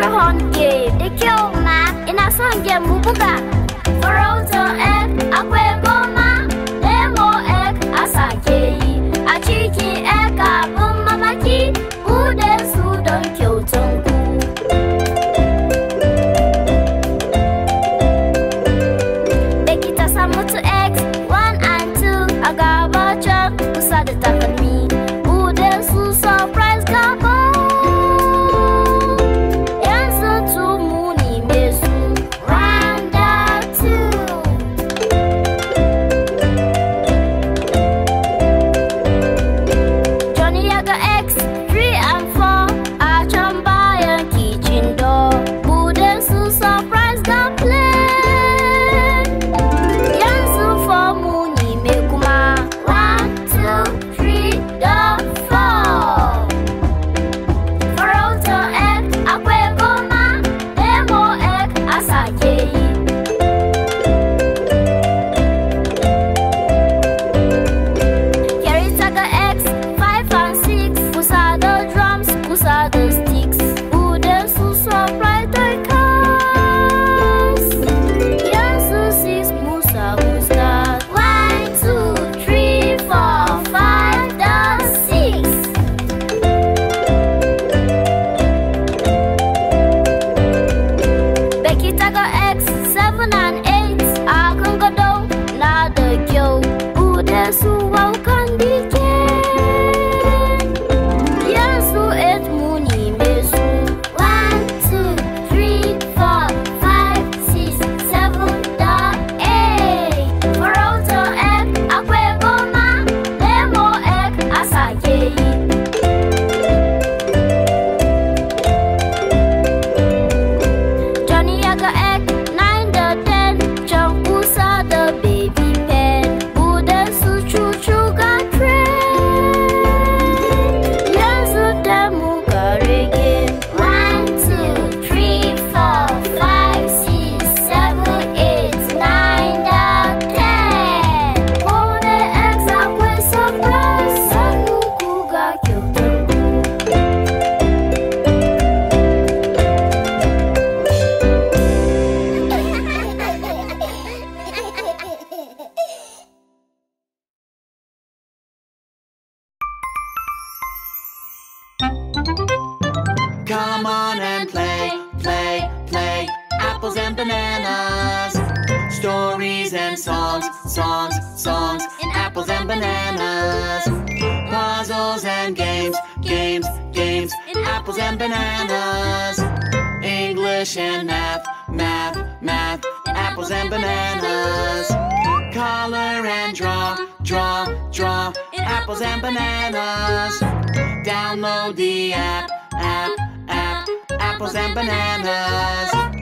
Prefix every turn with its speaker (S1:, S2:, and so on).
S1: na hon game da kyau ma ina son game mu buga I got X, 7, 9,
S2: Come on and play, play, play, apples and bananas. Stories and songs, songs, songs, and apples and bananas. Puzzles and games, games, games, In apples and bananas. English and math, math, math, In apples and bananas. Color and draw, draw, draw, In apples and bananas. Download the app, app, app, apples and bananas.